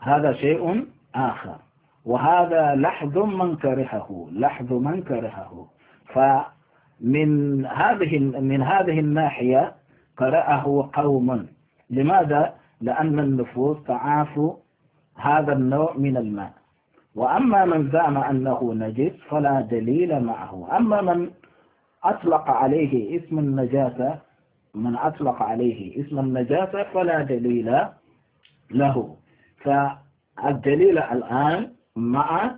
Speaker 1: هذا شيء آخر وهذا لحظ من كرهه لحظ من كرهه فمن هذه من هذه الناحية قرأه قوم لماذا؟ لأن النفوس تعاف هذا النوع من الماء وأما من زعم أنه نجس فلا دليل معه أما من أطلق عليه اسم النجاسة من أطلق عليه اسم النجاسة فلا دليل له فالدليل الآن مع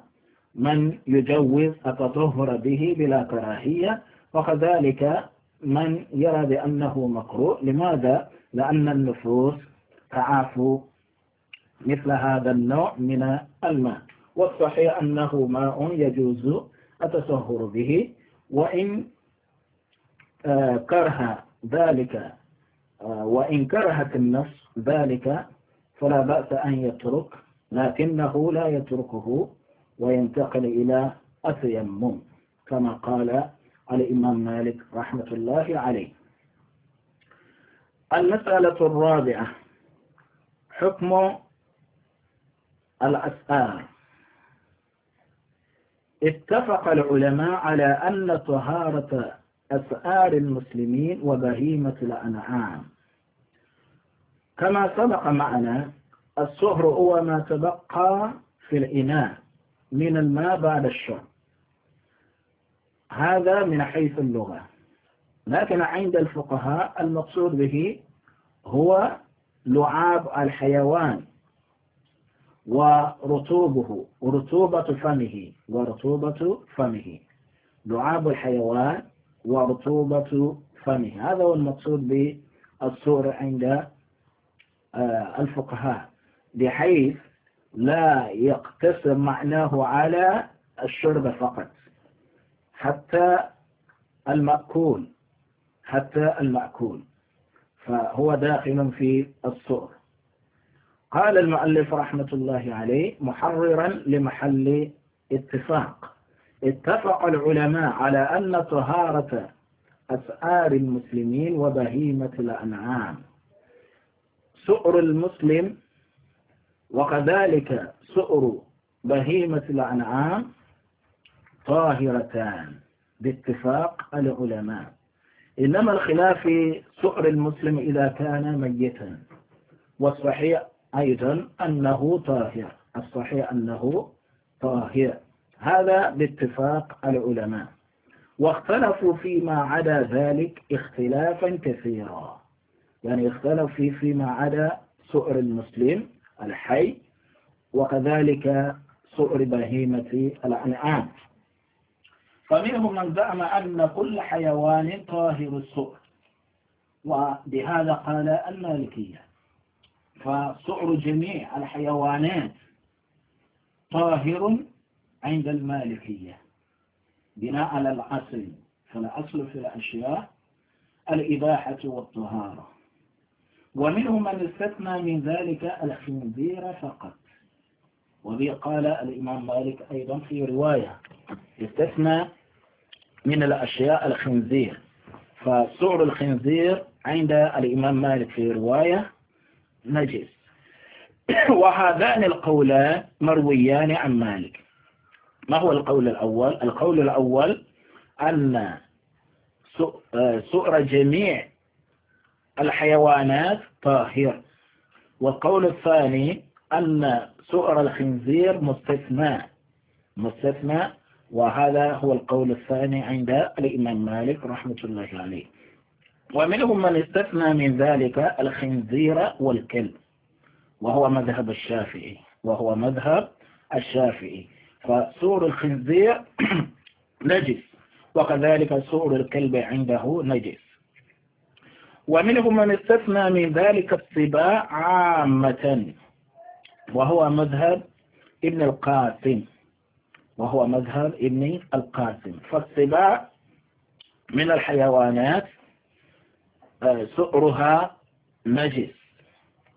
Speaker 1: من يجوز التطهر به بلا كراهية وكذلك من يرى بأنه مكروه لماذا؟ لأن النفوس تعافوا مثل هذا النوع من الماء والصحيح أنه ماء يجوز التطهر به وإن آه، كره ذلك آه، وإن كرهت النص ذلك فلا بأس أن يترك لكنه لا يتركه وينتقل إلى أثيمم كما قال الإمام مالك رحمة الله عليه المسألة الرابعة حكم الأسآر اتفق العلماء على أن طهارة أسعار المسلمين وبهيمة الأنعام كما سبق معنا الصهر هو ما تبقى في الإناء من الماء بعد الشرب هذا من حيث اللغة لكن عند الفقهاء المقصود به هو لعاب الحيوان ورطوبه ورطوبة فمه ورطوبة فمه لعاب الحيوان ورطوبة فمه هذا هو المقصود بالصورة عند آه، الفقهاء بحيث لا يقتصر معناه على الشرب فقط حتى المأكول حتى المأكول فهو داخل في الصور قال المؤلف رحمة الله عليه محررا لمحل اتفاق اتفق العلماء على أن طهارة أسعار المسلمين وبهيمة الأنعام سؤر المسلم وكذلك سؤر بهيمة الأنعام طاهرتان باتفاق العلماء إنما الخلاف في سؤر المسلم إذا كان ميتا والصحيح أيضا أنه طاهر الصحيح أنه طاهر هذا باتفاق العلماء واختلفوا فيما عدا ذلك اختلافا كثيرا يعني اختلف في فيما عدا سؤر المسلم الحي وكذلك سؤر بهيمة الأنعام فمنهم من زعم أن كل حيوان طاهر السؤر وبهذا قال المالكية فسؤر جميع الحيوانات طاهر عند المالكية بناء على الأصل فالأصل في الأشياء الإباحة والطهارة ومنهم من استثنى من ذلك الخنزير فقط وبه قال الإمام مالك أيضا في رواية استثنى من الأشياء الخنزير فسعر الخنزير عند الإمام مالك في رواية نجس وهذان القولان مرويان عن مالك ما هو القول الأول القول الأول أن آه، سؤر جميع الحيوانات طاهر والقول الثاني أن سؤر الخنزير مستثنى مستثنى وهذا هو القول الثاني عند الإمام مالك رحمة الله عليه ومنهم من استثنى من ذلك الخنزير والكلب وهو مذهب الشافعي وهو مذهب الشافعي فسور الخنزير نجس وكذلك سور الكلب عنده نجس ومنهم من استثنى من ذلك السباع عامة وهو مذهب ابن القاسم وهو مذهب ابن القاسم فالسباع من الحيوانات آه، سؤرها نجس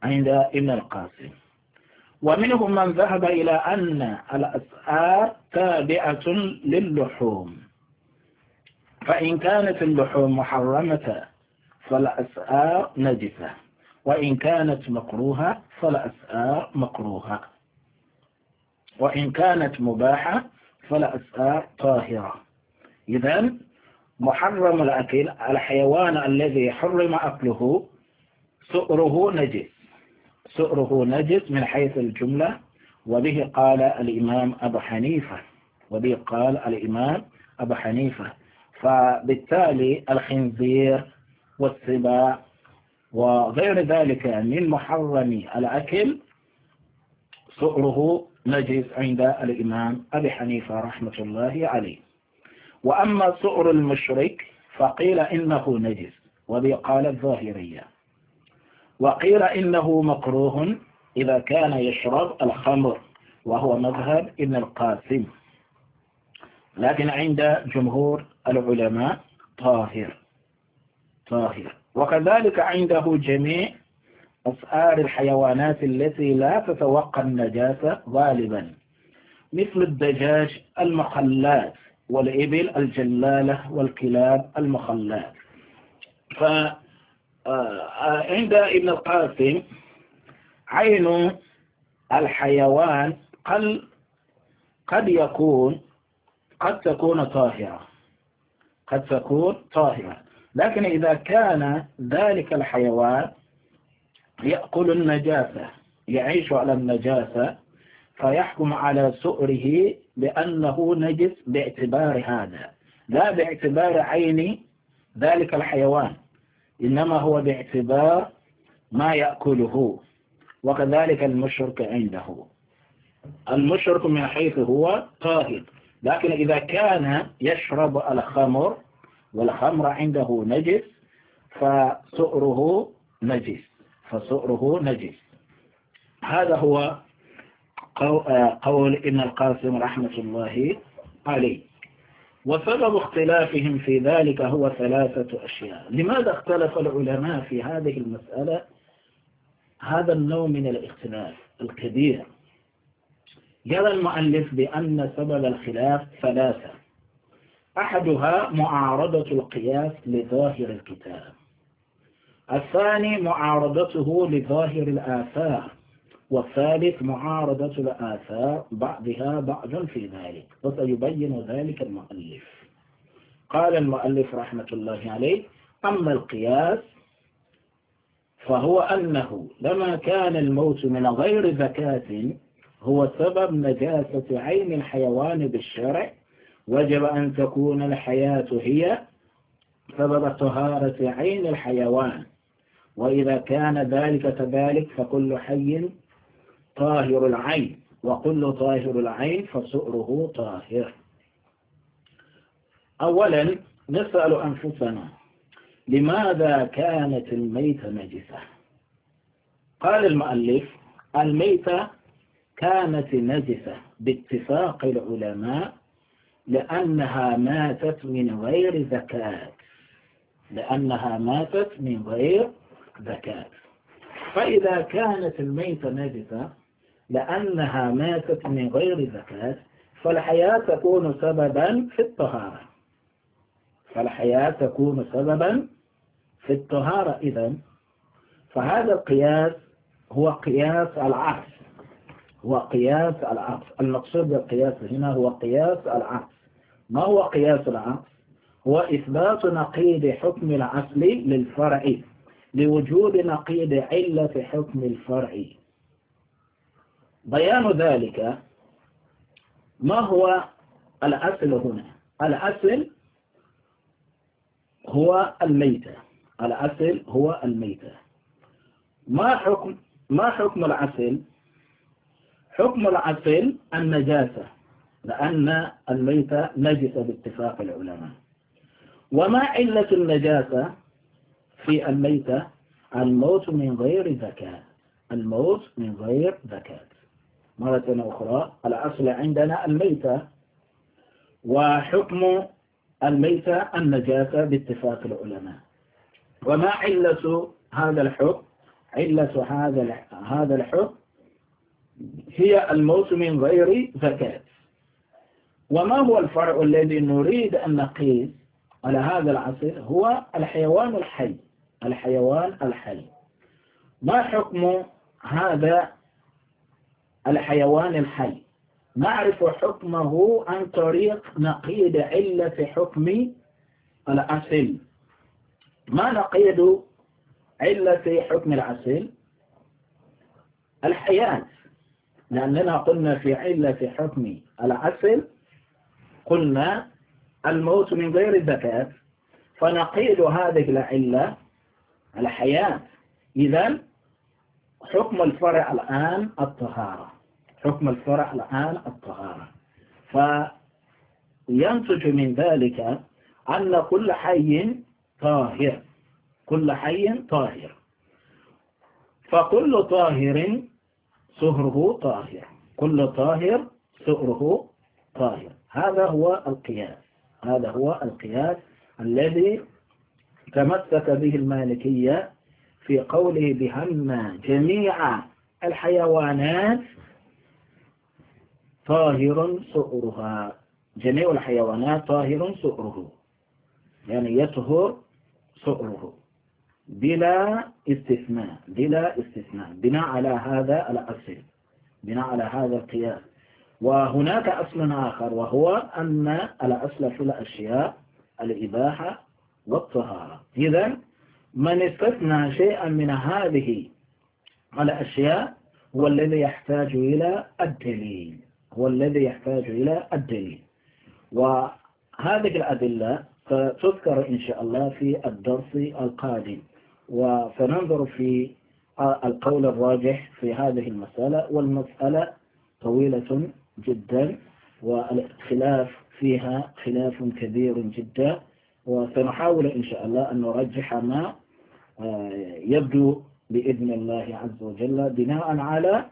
Speaker 1: عند ابن القاسم ومنهم من ذهب إلى أن الأسعار تابعة للحوم فإن كانت اللحوم محرمة فالأسعار نجسة وإن كانت مكروهة فالأسعار مكروهة وإن كانت مباحة فالأسعار طاهرة إذا محرم الأكل الحيوان الذي حرم أكله سؤره نجس سؤره نجس من حيث الجملة وبه قال الإمام أبو حنيفة وبه قال الإمام أبو حنيفة فبالتالي الخنزير والسباع وغير ذلك من محرم الأكل سؤره نجس عند الإمام أبي حنيفة رحمة الله عليه وأما سؤر المشرك فقيل إنه نجس وبه قال الظاهرية وقيل إنه مكروه إذا كان يشرب الخمر وهو مذهب ابن القاسم لكن عند جمهور العلماء طاهر طاهر وكذلك عنده جميع أسعار الحيوانات التي لا تتوقع النجاسة غالبا مثل الدجاج المخلات والإبل الجلالة والكلاب المخلات آه، عند ابن القاسم عين الحيوان قد قد يكون قد تكون طاهرة قد تكون طاهرة لكن إذا كان ذلك الحيوان يأكل النجاسة يعيش على النجاسة فيحكم على سؤره بأنه نجس باعتبار هذا لا باعتبار عين ذلك الحيوان إنما هو باعتبار ما يأكله وكذلك المشرك عنده المشرك من حيث هو طاهر لكن إذا كان يشرب الخمر والخمر عنده نجس فسؤره نجس فسؤره نجس هذا هو آه، قول ابن القاسم رحمة الله عليه وسبب اختلافهم في ذلك هو ثلاثة أشياء لماذا اختلف العلماء في هذه المسألة هذا النوع من الاختلاف الكبير يرى المؤلف بأن سبب الخلاف ثلاثة أحدها معارضة القياس لظاهر الكتاب الثاني معارضته لظاهر الآثار والثالث معارضة الآثار بعضها بعضا في ذلك وسيبين ذلك المؤلف قال المؤلف رحمة الله عليه أما القياس فهو أنه لما كان الموت من غير زكاة هو سبب نجاسة عين الحيوان بالشرع وجب أن تكون الحياة هي سبب طهارة عين الحيوان وإذا كان ذلك كذلك فكل حي طاهر العين وكل طاهر العين فسؤره طاهر أولا نسأل أنفسنا لماذا كانت الميتة نجسة قال المؤلف الميتة كانت نجسة باتفاق العلماء لأنها ماتت من غير ذكاء لأنها ماتت من غير ذكاء فإذا كانت الميتة نجسة لأنها ماتت من غير زكاة فالحياة تكون سببا في الطهارة فالحياة تكون سببا في الطهارة إذا فهذا القياس هو قياس العكس هو قياس العكس المقصود بالقياس هنا هو قياس العكس ما هو قياس العكس هو إثبات نقيض حكم الأصل للفرع لوجود نقيض علة حكم الفرع بيان ذلك ما هو الأصل هنا الأصل هو الميتة الأصل هو الميتة ما حكم ما حكم العسل حكم العسل النجاسة لأن الميتة نجسة باتفاق العلماء وما علة النجاسة في الميتة الموت من غير ذكاء الموت من غير ذكاء مرة أخرى الأصل عندنا الميتة وحكم الميتة النجاسة باتفاق العلماء وما علة هذا الحب علة هذا هذا الحب هي الموت من غير زكاة وما هو الفرع الذي نريد أن نقيس على هذا العصر هو الحيوان الحي الحيوان الحي ما حكم هذا الحيوان الحي نعرف حكمه عن طريق نقيد علة حكم الأصل ما نقيد علة حكم الأصل الحياة لأننا قلنا في علة حكم الأصل قلنا الموت من غير الزكاة فنقيد هذه العلة الحياة إذا حكم الفرع الآن الطهارة حكم الفرع الآن الطهارة فينتج من ذلك أن كل حي طاهر كل حي طاهر فكل طاهر سهره طاهر كل طاهر سهره طاهر هذا هو القياس هذا هو القياس الذي تمسك به المالكية في قوله بهم جميع الحيوانات طاهر سؤرها جميع الحيوانات طاهر سؤره يعني يطهر سؤره بلا استثناء بلا استثناء بناء على هذا الأصل بناء على هذا القياس وهناك أصل آخر وهو أن الأصل في الأشياء الإباحة والطهارة إذا من استثنى شيئا من هذه الأشياء هو الذي يحتاج إلى الدليل هو الذي يحتاج إلى الدليل وهذه الأدلة ستذكر إن شاء الله في الدرس القادم وسننظر في القول الراجح في هذه المسألة والمسألة طويلة جدا والخلاف فيها خلاف كبير جدا وسنحاول إن شاء الله أن نرجح ما آه، يبدو بإذن الله عز وجل بناء على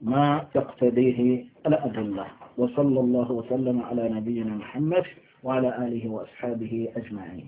Speaker 1: ما تقتضيه الأدلة وصلى الله وسلم على نبينا محمد وعلى آله وأصحابه أجمعين